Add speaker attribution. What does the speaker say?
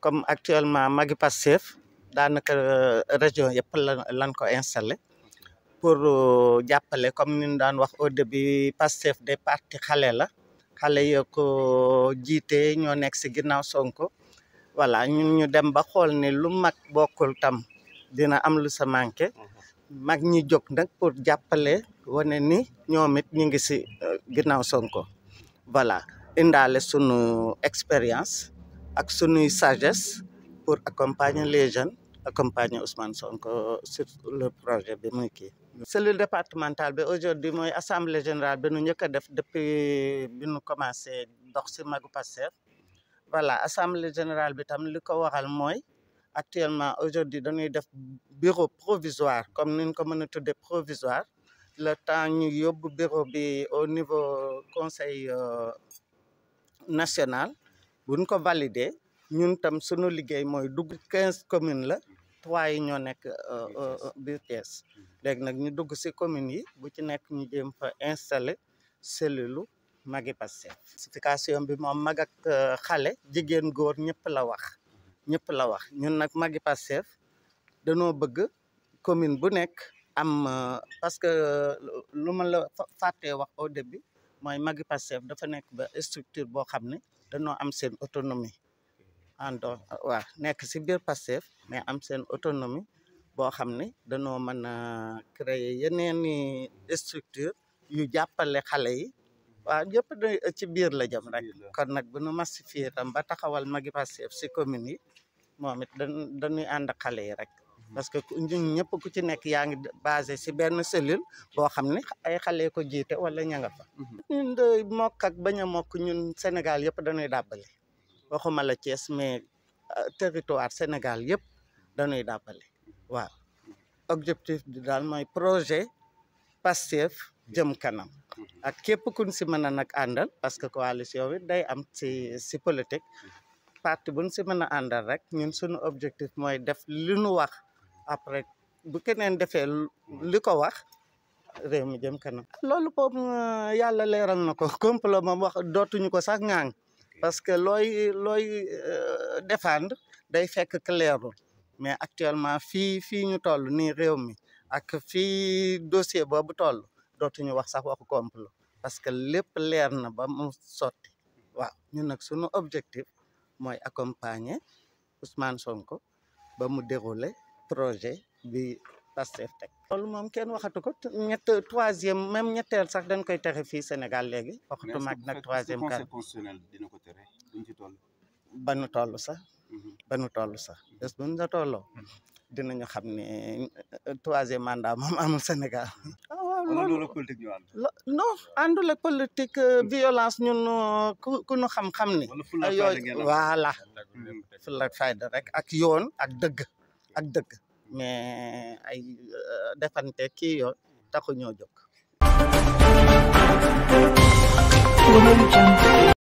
Speaker 1: comme actuellement magi pasif ya dan région yëpp lan lan ko installé pour jàppale comme ni dan daan wax au début Pastef des parti xale la xale yo ko jiite ñoo nekk si ginnaaw Sonko voilà ñun ñu dem ba xool ne lu mag tam dina am lu sa manqué mag ñi jóg nag pour jàppale wane ni ñoom it ñu ngi si eh, ginnaaw Sonko voilà sunu experience ak sunuy sagesse pour accompagner les jeunes accompagner Ousmane Sonko sur le projet de le départemental. le départemental. aujourd'hui l'Assemblée assemblée générale nous avons fait a depuis bi commencé à passer. voilà assemblée générale bi tam li ko actuellement aujourd'hui dañuy def bureau provisoire comme une communauté de provisoires. provisoire le temps ñu yóbbu bureau au niveau du conseil euh, national. buñ ko valider ñun tam sunu liggéey mooy dugg quinze communes la trois yi ñoo nekk euh, euh, euh, biir Thiès léegi nag ñu dugg si communes yi bu ci nekk ñu jéem fa installer cellule magi Pastef certification bi moom magak ak xale jigéen góor ñëpp la wax ñëpp la wax ñun nag magi Pastef danoo bëgg commune bu nekk am parce que lu ma la fàttee wax au début mooy magi Pastef dafa nekk ba structure boo xam ne dañoo am seen autonomie en donc waaw nekk si biir Pastef mais am seen autonomie boo xam ne dañoo mën a créer yeneen i structure yu jàppale xale yi waaw yëpp da ci biir la jëm rek kon nag bu nu massifier tam ba taxawal magi Pastef si commune yi moom it dañuy ànd xale yi rek parce que ñun ñëpp ku ci nekk yaa ngi basé si benn cellule boo xam ne ay xale ko jiite wala ña nga fa. Mhm. ñun de mokk ak bañ a mokk ñun Sénégal yëpp dañuy dàbbale waxuma la Thiès mais euh, territoire Sénégal yëpp dañuy dàbbale waaw objectif bi daal mooy projet Pastef jëm kanam mhm. ak képp kun si mën a nag àndal parce que coalition bi day am si si politique mhm. parti buñ si mën a àndal rek ñun suñu objectif mooy def li nu wax après bu keneen defee li ko wax réew mi jëm kanam loolu moom euh, yàlla leeral na ko complot moom wax dootuñu ko sax ŋaang parce que looy looy euh, défendre day fekk que leerul mais actuellement fii fii ñu toll nii réew mi ak fii dossier boobu toll dootuñu wax sax waxu complot parce que lépp leer na ba mu sotti waaw ñun nag objectif mooy accompagner Ousmane Sonko ba mu projet bi Pastef teg loolu moom kenn waxatu ko ñett troisième même ñetteel sax dañ koy tere fii Sénégal léegi waxatu mag nag troisième cas dina ko tere duñ ci toll ba toll sax mhm. ba toll sax bés bu ñu la mhm. dinañu xam euh, troisième mandat moom amul Sénégal ah non àndul ak politique euh, mhm. violence ñun euh, ku ñu xam voilà fayda rek ak yoon ak ak dëgg mais ay euh, defante kii yoo taxu ñoo jóg